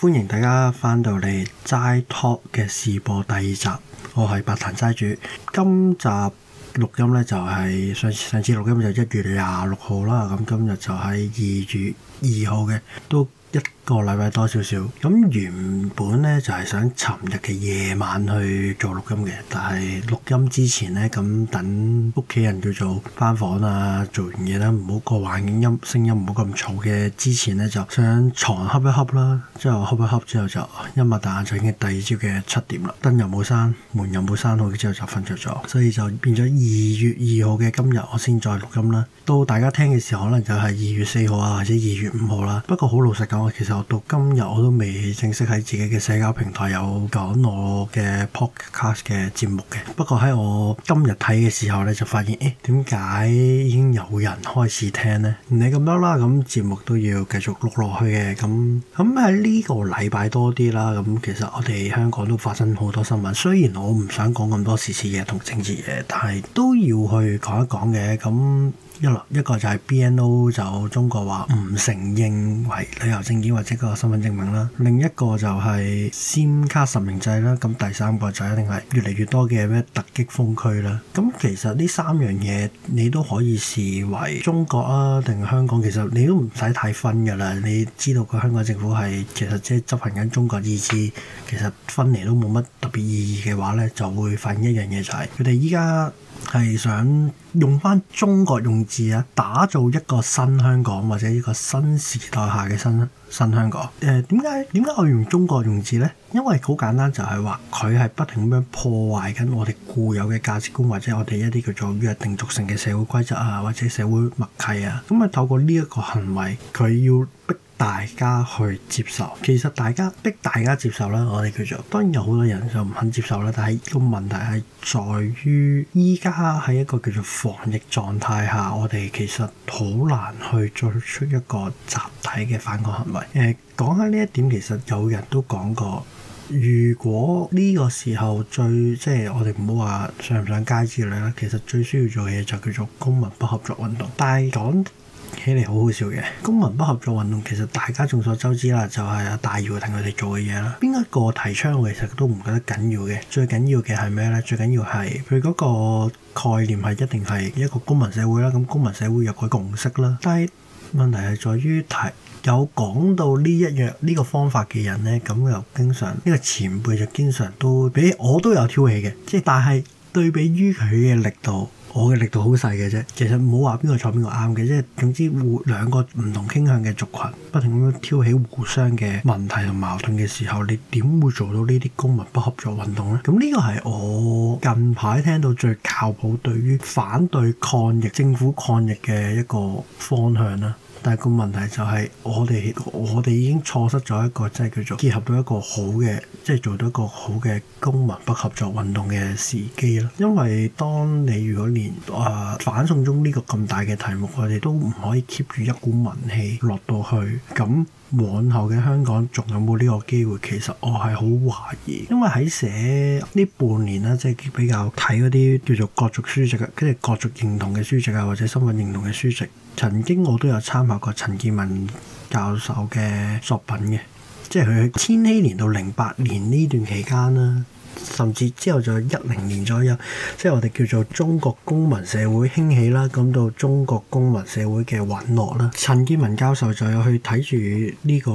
歡迎大家翻到嚟齋 Talk 嘅試播第二集，我係百彈齋主。今集錄音呢就係、上次、上上次錄音就一月廿六號啦，咁今日就喺二月二號嘅，都一個禮拜多少少，咁原本咧就係想尋日嘅夜晚去做錄音嘅，但係錄音之前咧，咁等屋企人叫做返房啊，做完嘢啦，唔好個環境音聲音唔好咁嘈嘅。之前咧就想床瞌一瞌啦，之後瞌一瞌之後就一擘大眼，就已經第二朝嘅七點啦，燈又冇閂，門又冇閂好，之後就瞓着咗，所以就變咗二月二號嘅今日，我先再錄音啦。到大家聽嘅時候，可能就係二月四號啊，或者二月五號啦。不過好老實講，其實～到今日我都未正式喺自己嘅社交平台有講我嘅 podcast 嘅節目嘅，不過喺我今日睇嘅時候咧就發現，誒點解已經有人開始聽呢？唔理咁樣啦，咁節目都要繼續錄落去嘅。咁咁喺呢個禮拜多啲啦。咁其實我哋香港都發生好多新聞，雖然我唔想講咁多時事嘢同政治嘢，但係都要去講一講嘅。咁。一個就係 BNO 就中國話唔承認為旅遊證件或者個身份證明啦，另一個就係 SIM 卡實名制啦，咁第三個就一定係越嚟越多嘅咩突擊封區啦。咁其實呢三樣嘢你都可以視為中國啊，定香港其實你都唔使太分噶啦。你知道個香港政府係其實即係執行緊中國意志，其實分離都冇乜特別意義嘅話呢，就會發現一樣嘢就係佢哋依家，係想用翻中國用字啊，打造一個新香港或者一個新時代下嘅新新香港。誒點解點解我用中國用字咧？因為好簡單就，就係話佢係不停咁樣破壞緊我哋固有嘅價值觀，或者我哋一啲叫做約定俗成嘅社會規則啊，或者社會默契啊。咁、嗯、啊，透過呢一個行為，佢要逼。大家去接受，其實大家逼大家接受啦。我哋叫做。當然有好多人就唔肯接受啦。但係個問題係在於，依家喺一個叫做防疫狀態下，我哋其實好難去做出一個集體嘅反抗行為。誒、呃，講下呢一點，其實有人都講過，如果呢個時候最即係我哋唔好話上唔上街之類啦，其實最需要做嘅嘢就叫做公民不合作運動。但係講起嚟好好笑嘅公民不合作運動，其實大家眾所周知啦，就係、是、阿大姚同佢哋做嘅嘢啦。邊一個提倡，其實都唔覺得緊要嘅。最緊要嘅係咩咧？最緊要係佢嗰個概念係一定係一個公民社會啦。咁公民社會有個共識啦。但係問題係在於，提有講到呢一樣呢、這個方法嘅人咧，咁又經常呢、這個前輩就經常都俾我都有挑起嘅。即係但係對比於佢嘅力度。我嘅力度好細嘅啫，其實冇話邊個錯邊個啱嘅，即係總之互兩個唔同傾向嘅族群，不停咁樣挑起互相嘅問題同矛盾嘅時候，你點會做到呢啲公民不合作運動呢？咁呢個係我近排聽到最靠譜對於反對抗疫、政府抗疫嘅一個方向啦。但個問題就係，我哋我哋已經錯失咗一個即係、就是、叫做結合到一個好嘅，即、就、係、是、做到一個好嘅公民不合作運動嘅時機啦。因為當你如果連誒、啊、反送中呢個咁大嘅題目，我哋都唔可以 keep 住一股民氣落到去咁。往後嘅香港仲有冇呢個機會？其實我係好懷疑，因為喺寫呢半年呢即係比較睇嗰啲叫做國族書籍嘅，即係國族認同嘅書籍啊，或者身份認同嘅書籍。曾經我都有參考過陳建文教授嘅作品嘅，即係佢喺千禧年到零八年呢段期間啦。甚至之後，就一零年左右，即係我哋叫做中國公民社會興起啦，咁到中國公民社會嘅隕落啦。陳建文教授就有去睇住呢個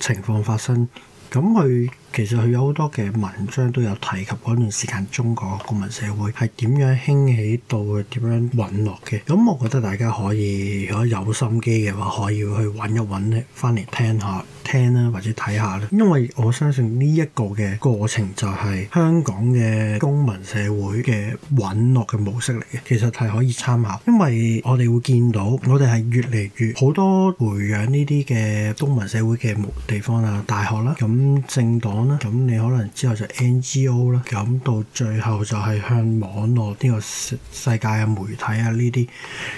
情況發生，咁去。其實佢有好多嘅文章都有提及嗰段時間中國公民社會係點樣興起到，會點樣淪落嘅。咁、嗯、我覺得大家可以如果有心機嘅話，可以去揾一揾咧，翻嚟聽下聽啦，或者睇下啦。因為我相信呢一個嘅過程就係香港嘅公民社會嘅淪落嘅模式嚟嘅，其實係可以參考。因為我哋會見到我哋係越嚟越好多培養呢啲嘅公民社會嘅地方啊、大學啦、咁政黨。咁你可能之後就 NGO 啦，咁到最後就係向網絡呢個世界嘅媒體啊呢啲，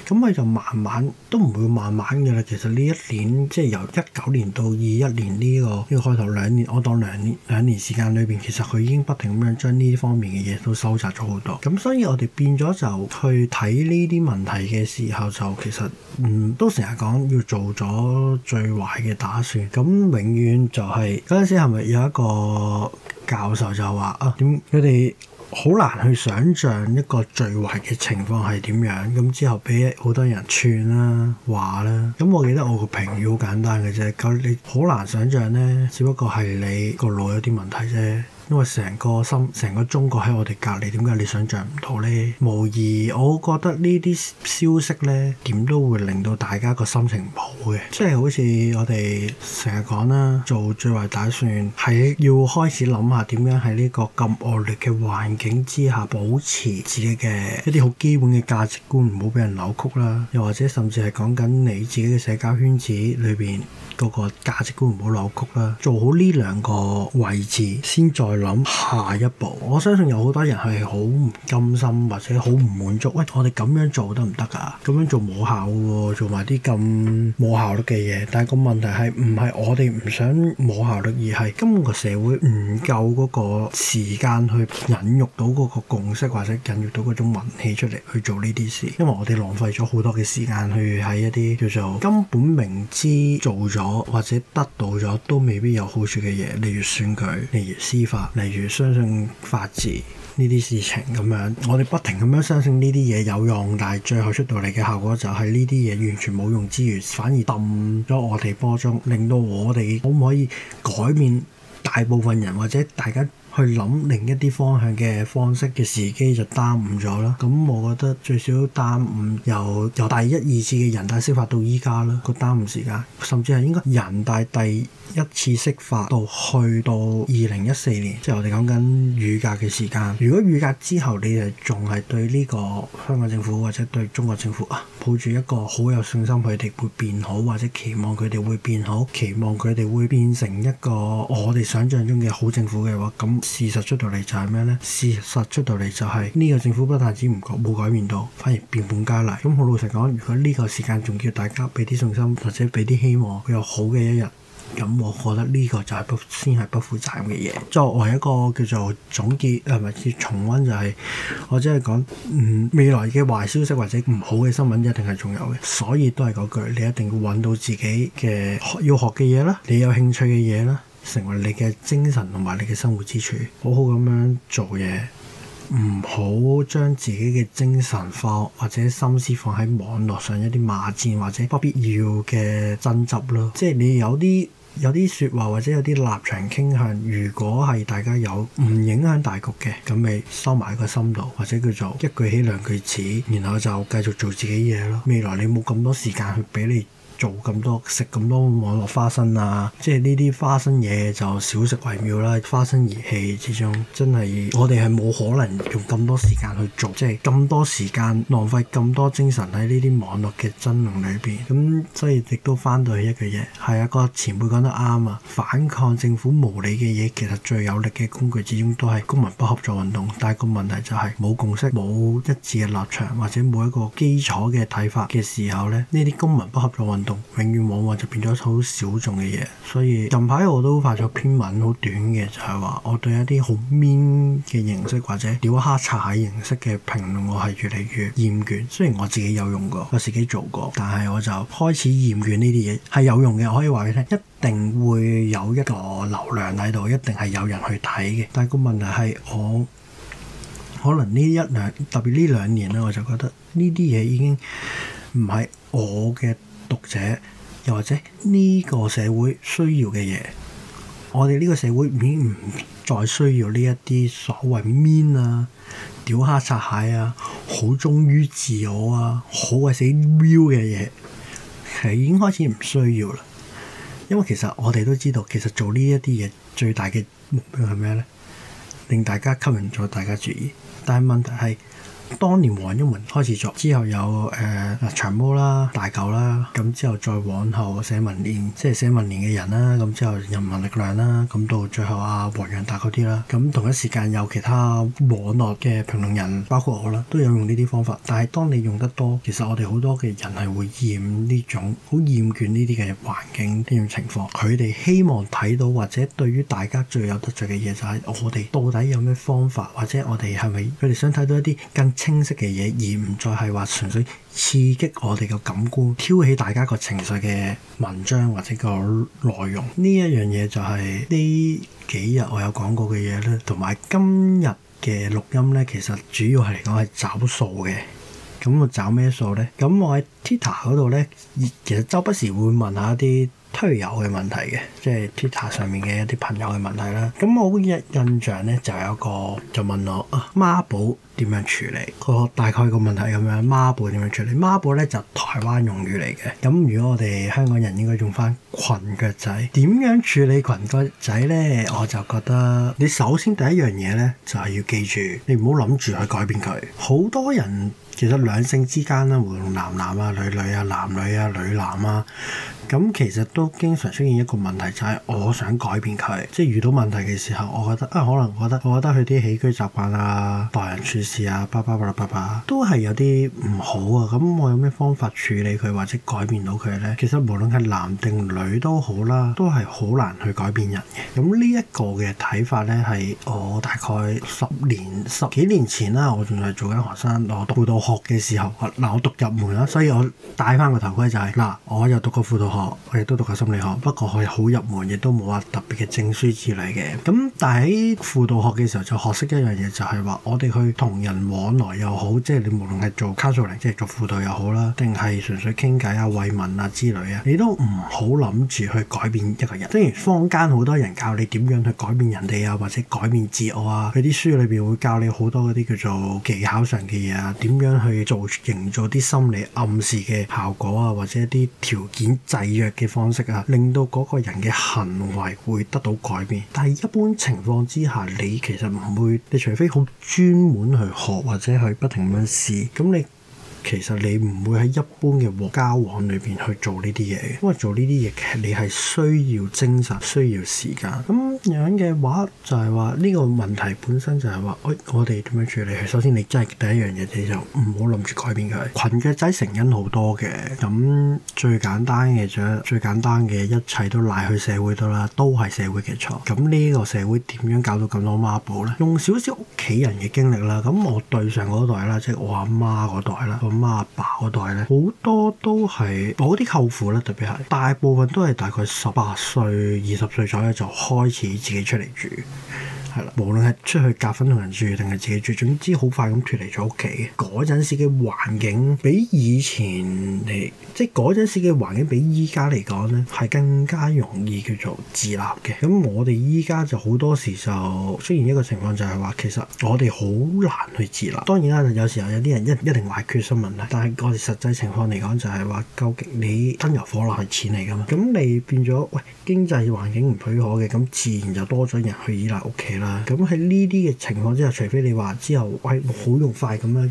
咁咪就慢慢都唔會慢慢嘅啦。其實呢一年即係由一九年到二一年呢個呢個開頭兩年，我當兩年兩年時間裏邊，其實佢已經不停咁樣將呢方面嘅嘢都收集咗好多。咁所以我哋變咗就去睇呢啲問題嘅時候就，就其實嗯都成日講要做咗最壞嘅打算。咁永遠就係嗰陣時係咪有一個？個教授就話啊，點佢哋好難去想象一個最壞嘅情況係點樣，咁之後俾好多人串啦、啊、話啦、啊，咁我記得我個評語好簡單嘅啫，佢你好難想象呢，只不過係你個腦有啲問題啫。因為成個心、成個中國喺我哋隔離，點解你想象唔到咧？無疑，我覺得呢啲消息咧，點都會令到大家個心情唔好嘅。即係好似我哋成日講啦，做最壞打算，喺要開始諗下點樣喺呢個咁惡劣嘅環境之下，保持自己嘅一啲好基本嘅價值觀，唔好俾人扭曲啦。又或者甚至係講緊你自己嘅社交圈子裏邊嗰個價值觀唔好扭曲啦。做好呢兩個位置先再諗下一步，我相信有好多人係好唔甘心，或者好唔滿足。喂，我哋咁樣做得唔得啊？咁樣做冇效喎，做埋啲咁冇效率嘅嘢。但係個問題係唔係我哋唔想冇效率，而係根本個社會唔夠嗰個時間去孕育到嗰個共識，或者孕育到嗰種運氣出嚟去做呢啲事。因為我哋浪費咗好多嘅時間去喺一啲叫做根本明知做咗或者得到咗都未必有好處嘅嘢，例如選舉，例如司法。例如相信法治呢啲事情咁樣，我哋不停咁樣相信呢啲嘢有用，但係最後出到嚟嘅效果就係呢啲嘢完全冇用之餘，反而揼咗我哋波中，令到我哋可唔可以改變大部分人或者大家，去諗另一啲方向嘅方式嘅時機就耽誤咗啦，咁我覺得最少都耽誤由由第一二次嘅人大釋法到依家啦，個耽誤時間甚至係應該人大第一次釋法到去到二零一四年，即係我哋講緊雨傘嘅時間。如果雨傘之後你哋仲係對呢個香港政府或者對中國政府啊抱住一個好有信心，佢哋會變好，或者期望佢哋會變好，期望佢哋會變成一個我哋想象中嘅好政府嘅話，咁。事實出到嚟就係咩呢？事實出到嚟就係、是、呢、這個政府不但止唔改，冇改變到，反而變本加厲。咁好老實講，如果呢個時間仲叫大家俾啲信心，或者俾啲希望有好嘅一日，咁我覺得呢個就係不先係不負責任嘅嘢。作為一個叫做總結，係咪要重溫、就是？就係我只係講，嗯未來嘅壞消息或者唔好嘅新聞一定係仲有嘅，所以都係嗰句，你一定要揾到自己嘅學要學嘅嘢啦，你有興趣嘅嘢啦。成為你嘅精神同埋你嘅生活支柱，好好咁樣做嘢，唔好將自己嘅精神放或者心思放喺網絡上一啲罵戰或者不必要嘅爭執咯。即係你有啲有啲説話或者有啲立場傾向，如果係大家有唔影響大局嘅，咁你收埋喺個心度，或者叫做一句起兩句止，然後就繼續做自己嘢咯。未來你冇咁多時間去畀你。做咁多食咁多網絡花生啊，即係呢啲花生嘢，就少食為妙啦。花生熱氣之中，真係我哋係冇可能用咁多時間去做，即係咁多時間浪費咁多精神喺呢啲網絡嘅爭論裏邊，咁所以亦都翻到去一句嘢，係啊個前輩講得啱啊！反抗政府無理嘅嘢，其實最有力嘅工具始終都係公民不合作運動，但係個問題就係冇共識，冇一致嘅立場或者冇一個基礎嘅睇法嘅時候咧，呢啲公民不合作運動永遠往往就變咗好小眾嘅嘢，所以近排我都發咗篇文，好短嘅，就係話我對一啲好 mean 嘅形式或者屌黑茶嘅形式嘅評論，我係越嚟越厭倦。雖然我自己有用過，我自己做過，但係我就開始厭倦呢啲嘢。係有用嘅，我可以話俾你聽，一定會有一個流量喺度，一定係有人去睇嘅。但係個問題係我可能呢一兩，特別呢兩年咧，我就覺得呢啲嘢已經唔係我嘅。讀者又或者呢個社會需要嘅嘢，我哋呢個社會已經唔再需要呢一啲所謂 mean 啊、屌蝦拆蟹啊、好忠於自我啊、好鬼死 feel 嘅嘢，係已經開始唔需要啦。因為其實我哋都知道，其實做呢一啲嘢最大嘅目標係咩呢？令大家吸引咗大家注意，但係問題係。當年黃毓民開始做之後有誒嗱、呃、長毛啦、大狗啦，咁之後再往後社民連，即係社民連嘅人啦，咁之後人民力量啦，咁到最後啊黃洋達嗰啲啦，咁同一時間有其他網絡嘅評論人，包括我啦，都有用呢啲方法。但係當你用得多，其實我哋好多嘅人係會厭呢種，好厭倦呢啲嘅環境呢種情況。佢哋希望睇到或者對於大家最有得罪嘅嘢就係、是、我哋到底有咩方法，或者我哋係咪佢哋想睇到一啲更清晰嘅嘢，而唔再係話純粹刺激我哋嘅感官，挑起大家個情緒嘅文章或者個內容。呢一樣嘢就係呢幾日我有講過嘅嘢咧，同埋今日嘅錄音咧，其實主要係嚟講，係找數嘅。咁我找咩數咧？咁我喺 Twitter 度咧，其實周不時會問一下一啲。推油嘅問題嘅，即係 Twitter 上面嘅一啲朋友嘅問題啦。咁我好印印象呢，就有、是、一個就問我啊，媽寶點樣處理？佢大概個問題咁樣，媽寶點樣處理？媽寶呢就是、台灣用語嚟嘅。咁如果我哋香港人應該用翻裙腳仔。點樣處理裙腳仔呢？我就覺得你首先第一樣嘢呢，就係、是、要記住，你唔好諗住去改變佢。好多人其實兩性之間啦，無論男男啊、女女啊、男女啊、女男啊。咁其實都經常出現一個問題，就係、是、我想改變佢，即係遇到問題嘅時候，我覺得啊，可能我覺得我覺得佢啲起居習慣啊、待人處事啊、巴拉巴拉巴巴都係有啲唔好啊。咁我有咩方法處理佢或者改變到佢呢？其實無論係男定女都好啦，都係好難去改變人嘅。咁呢一個嘅睇法呢，係我大概十年十幾年前啦、啊，我仲係做緊學生，我讀輔導學嘅時候，嗱、啊啊、我讀入門啦，所以我戴翻個頭盔就係、是、嗱、啊，我又讀過輔導學我亦都讀過心理學，不過佢好入門，亦都冇話特別嘅證書之類嘅。咁但喺輔導學嘅時候，就學識一樣嘢，就係話我哋去同人往來又好，即係你無論係做卡蘇寧即係做輔導又好啦，定係純粹傾偈啊、慰問啊之類啊，你都唔好諗住去改變一個人。雖然坊間好多人教你點樣去改變人哋啊，或者改變自我啊，佢啲書裏邊會教你好多嗰啲叫做技巧上嘅嘢啊，點樣去做營造啲心理暗示嘅效果啊，或者啲條件制，契約嘅方式啊，令到嗰個人嘅行為會得到改變。但係一般情況之下，你其實唔會，你除非好專門去學或者去不停咁樣試，咁你。其實你唔會喺一般嘅交往裏邊去做呢啲嘢，因為做呢啲嘢其實你係需要精神、需要時間。咁樣嘅話就係話呢個問題本身就係、是、話，喂、哎，我哋點樣處理？首先你真係第一樣嘢，你就唔好諗住改變佢。裙腳仔成因好多嘅，咁最簡單嘅、就是、最簡單嘅，一切都賴去社會度啦，都係社會嘅錯。咁呢個社會點樣搞到咁多孖寶呢？用少少屋企人嘅經歷啦，咁我對上嗰代啦，即、就、係、是、我阿媽嗰代啦。阿爸嗰代咧，好多都係我啲舅父咧，特別係大部分都係大概十八歲、二十歲左右，就開始自己出嚟住。係啦，無論係出去夾份同人住定係自己住，總之好快咁脫離咗屋企嘅嗰陣時嘅環境，比以前嚟，即係嗰陣時嘅環境比依家嚟講咧，係更加容易叫做自立嘅。咁我哋依家就好多時就出現一個情況就，就係話其實我哋好難去自立。當然啦，有時候有啲人一一定話係決心問題，但係我哋實際情況嚟講，就係話究竟你燈油火蠟係錢嚟㗎嘛？咁你變咗喂經濟環境唔許可嘅，咁自然就多咗人去依賴屋企啦。咁喺呢啲嘅情況之下，除非你話之後喂好用快咁樣。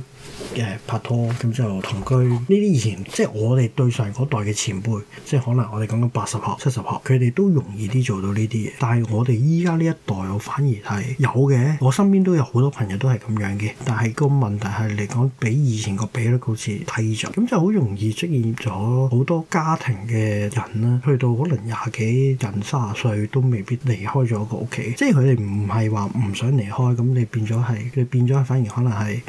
嘅、yeah, 拍拖，咁就同居呢啲，以前即係我哋對上嗰代嘅前輩，即係可能我哋講緊八十後、七十後，佢哋都容易啲做到呢啲嘢。但係我哋依家呢一代，我反而係有嘅。我身邊都有好多朋友都係咁樣嘅，但係個問題係嚟講，比以前個比率好似低咗，咁就好容易出現咗好多家庭嘅人啦，去到可能廿幾、人卅歲都未必離開咗個屋企。即係佢哋唔係話唔想離開，咁你變咗係，你變咗反而可能係。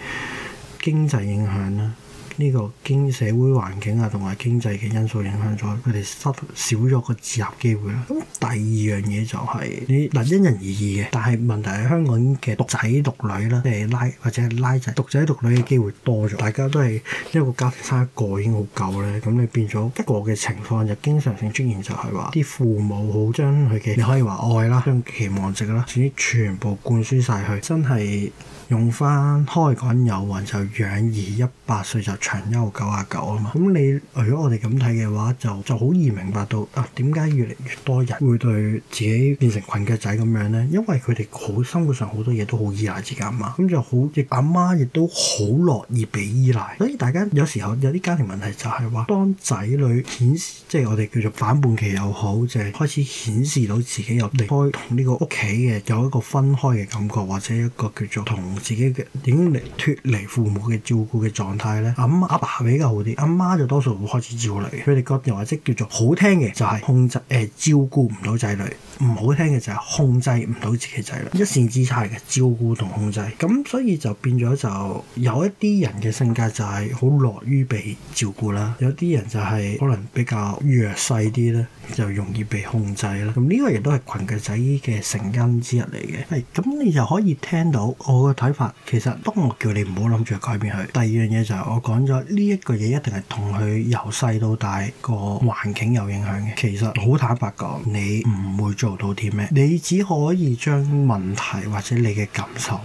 經濟影響啦，呢、這個經社會環境啊，同埋經濟嘅因素影響咗佢哋失少咗個自立機會啦。咁第二樣嘢就係、是、你嗱因人而異嘅，但係問題係香港嘅獨仔獨女啦，即、就、係、是、拉或者拉仔獨仔獨女嘅機會多咗，大家都係一個家庭生一個已經好夠啦。咁你變咗一個嘅情況就經常性出現就，就係話啲父母好將佢嘅你可以話愛啦、將期望值啦，甚至全部灌輸晒去，真係。用翻開講，有云就養兒一百歲就長憂九啊九啊嘛。咁你如果我哋咁睇嘅話，就就好易明白到啊點解越嚟越多人會對自己變成裙腳仔咁樣呢？因為佢哋好生活上好多嘢都好依賴自己啊嘛，咁就好亦阿媽亦都好樂意俾依賴。所以大家有時候有啲家庭問題就係話，當仔女顯示即係、就係、我哋叫做反叛期又好，就係、開始顯示到自己有離開同呢個屋企嘅有一個分開嘅感覺，或者一個叫做同。自己嘅點嚟脫離父母嘅照顧嘅狀態呢？阿阿爸比較好啲，阿媽就多數會開始照顧佢哋覺又或者叫做好聽嘅就係、是、控制誒、欸、照顧唔到仔女，唔好聽嘅就係控制唔到自己仔女。一線之差嘅照顧同控制，咁所以就變咗就有一啲人嘅性格就係好樂於被照顧啦，有啲人就係可能比較弱勢啲呢，就容易被控制啦。咁呢個亦都係裙腳仔嘅成因之一嚟嘅。係咁，你就可以聽到我法其實，不過我叫你唔好諗住改變佢。第二樣嘢就係我講咗呢一個嘢，一定係同佢由細到大個環境有影響嘅。其實好坦白講，你唔會做到啲咩，你只可以將問題或者你嘅感受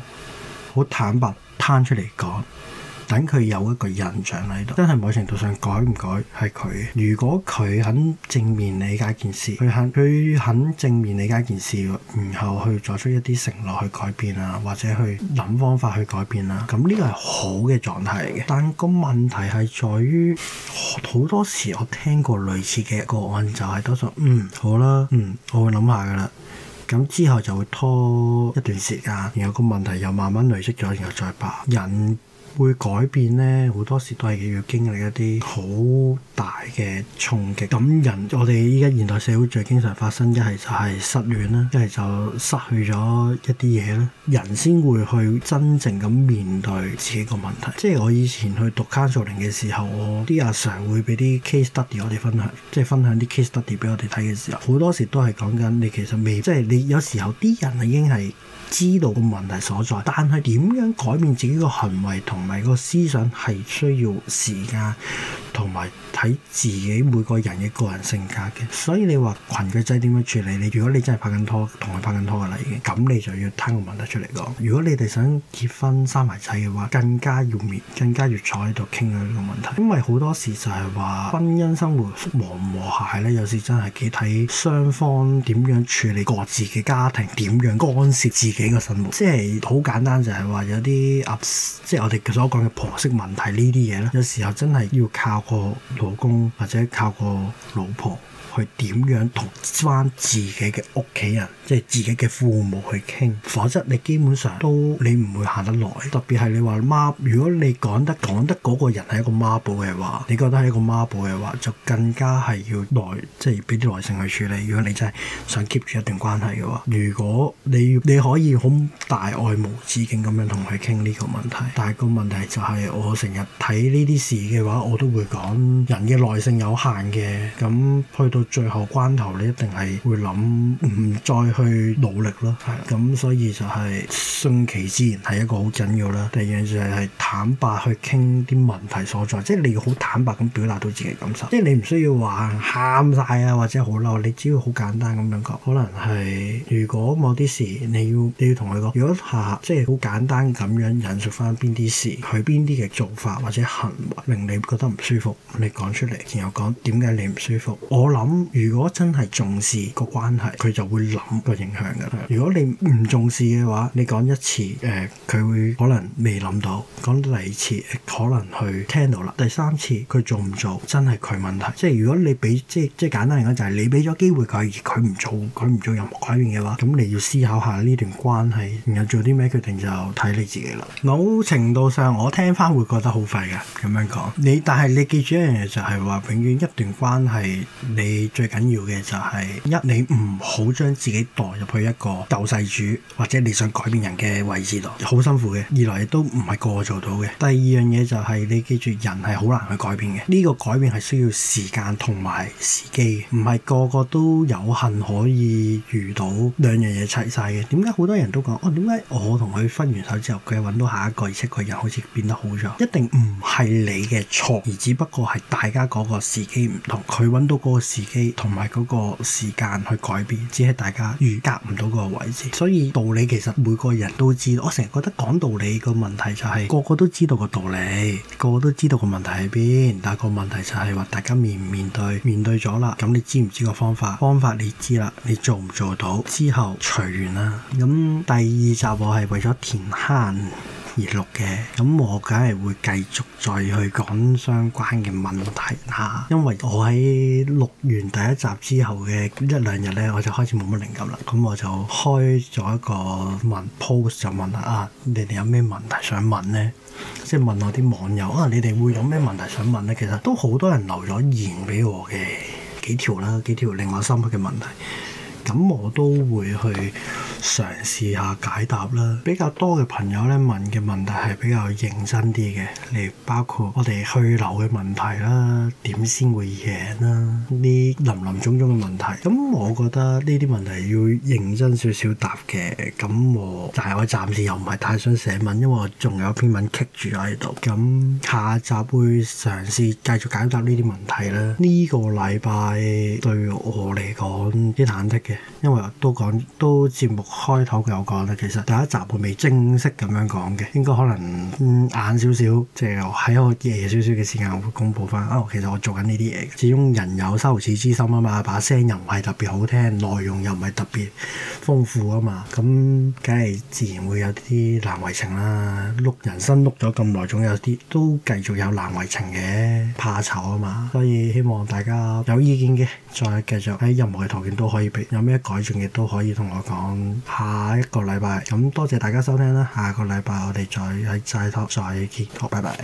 好坦白攤出嚟講。等佢有一個印象喺度，真係某程度上改唔改係佢。如果佢肯正面理解一件事，佢肯佢肯正面理解一件事，然後去作出一啲承諾去改變啊，或者去諗方法去改變啦。咁呢個係好嘅狀態嘅。但個問題係在於好多時我聽過類似嘅個案，就係多數，嗯好啦，嗯，嗯我會諗下㗎啦。咁之後就會拖一段時間，然後個問題又慢慢累積咗，然後再爆。引。會改變咧，好多時都係要經歷一啲好大嘅衝擊。咁人，我哋依家現代社會最經常發生一係就係失戀啦，一係就失去咗一啲嘢咧。人先會去真正咁面對自己個問題。即係我以前去讀 counseling 嘅時候，我啲阿常會俾啲 case study 我哋分享，即係分享啲 case study 俾我哋睇嘅時候，好多時都係講緊你其實未，即係你有時候啲人已經係知道個問題所在，但係點樣改變自己個行為同？同埋個思想係需要時間，同埋睇自己每個人嘅個人性格嘅。所以你話裙腳仔點樣處理？你如果你真係拍緊拖，同佢拍緊拖嘅啦，已經咁你就要睇個問題出嚟講。如果你哋想結婚生埋仔嘅話，更加要面，更加要坐喺度傾呢個問題。因為好多時就係話婚姻生活和唔和諧咧，有時真係幾睇雙方點樣處理各自嘅家庭，點樣干涉自己嘅生活。即係好簡單就，就係話有啲即係我哋所講嘅婆媳問題呢啲嘢咧，有時候真係要靠個老公或者靠個老婆。去點樣同返自己嘅屋企人，即係自己嘅父母去傾，否則你基本上都你唔會行得耐。特別係你話媽，如果你講得講得嗰個人係一個媽寶嘅話，你覺得係一個媽寶嘅話，就更加係要耐，即係俾啲耐性去處理。如果你真係想 keep 住一段關係嘅話，如果你你可以好大愛無止境咁樣同佢傾呢個問題，但係個問題就係、是、我成日睇呢啲事嘅話，我都會講人嘅耐性有限嘅，咁去到最後關頭你一定係會諗唔再去努力囉。咁的所以就係順其自然係一個好緊要啦。第二樣就係坦白去傾啲問題所在，即係你要好坦白咁表達到自己感受。即係你唔需要話喊晒啊，或者好嬲，你只要好簡單咁樣講。可能係如果某啲事你要你要同佢講，如果下即係好簡單咁樣引述返邊啲事，佢邊啲嘅做法或者行為令你覺得唔舒服，你講出嚟，然後講點解你唔舒服。我諗。咁如果真係重視個關係，佢就會諗個影響噶啦。如果你唔重視嘅話，你講一次，誒、呃，佢會可能未諗到；講第二次，可能去聽到啦；第三次佢做唔做，真係佢問題。即係如果你俾，即係即係簡單嚟講，就係、是、你俾咗機會佢，而佢唔做，佢唔做任何改變嘅話，咁你要思考下呢段關係，然後做啲咩決定就睇你自己啦。某程度上，我聽翻會覺得好廢噶，咁樣講你，但係你記住一樣嘢就係話，永遠一段關係你。最緊要嘅就係、是、一，你唔好將自己代入去一個救世主或者你想改變人嘅位置度，好辛苦嘅。二來亦都唔係個個做到嘅。第二樣嘢就係、是、你記住，人係好難去改變嘅。呢、這個改變係需要時間同埋時機，唔係個個都有幸可以遇到兩樣嘢齊晒嘅。點解好多人都講，哦，點解我同佢分完手之後，佢揾到下一個，而且佢又好似變得好咗？一定唔係你嘅錯，而只不過係大家嗰個時機唔同。佢揾到嗰個時。同埋嗰個時間去改變，只係大家預夾唔到個位置，所以道理其實每個人都知道。我成日覺得講道理個問題就係個個都知道個道理，個個都知道個問題喺邊，但係個問題就係話大家面唔面對，面對咗啦，咁你知唔知個方法？方法你知啦，你做唔做到之後隨緣啦。咁第二集我係為咗填坑。而錄嘅，咁我梗係會繼續再去講相關嘅問題啦。因為我喺錄完第一集之後嘅一兩日呢，我就開始冇乜靈感啦。咁我就開咗一個問 post，就問下，問啊，你哋有咩問題想問呢？即係問我啲網友，可、啊、能你哋會有咩問題想問呢？其實都好多人留咗言俾我嘅，幾條啦，幾條令我深刻嘅問題。咁我都會去嘗試下解答啦。比較多嘅朋友咧問嘅問題係比較認真啲嘅，例如包括我哋去留嘅問題啦，點先會贏啦，啲林林總總嘅問題。咁、啊、我覺得呢啲問題要認真少少答嘅。咁我但係我暫時又唔係太想寫文，因為我仲有篇文棘住喺度。咁下集會嘗試繼續解答呢啲問題啦。呢、這個禮拜對我嚟講啲忐忑。因為都講都節目開頭有講啦，其實第一集我未正式咁樣講嘅，應該可能晏少少，即係喺我，我夜少少嘅時間會公布翻。啊、哦，其實我做緊呢啲嘢，始終人有羞恥之心啊嘛，把聲又唔係特別好聽，內容又唔係特別豐富啊嘛，咁梗係自然會有啲難為情啦。碌人生碌咗咁耐，總有啲都繼續有難為情嘅，怕醜啊嘛，所以希望大家有意見嘅。再繼續喺任何嘅條件都可以俾，有咩改進嘅都可以同我講。下一個禮拜，咁多謝大家收聽啦。下個禮拜我哋再喺齋 Talk 再見，好，拜拜。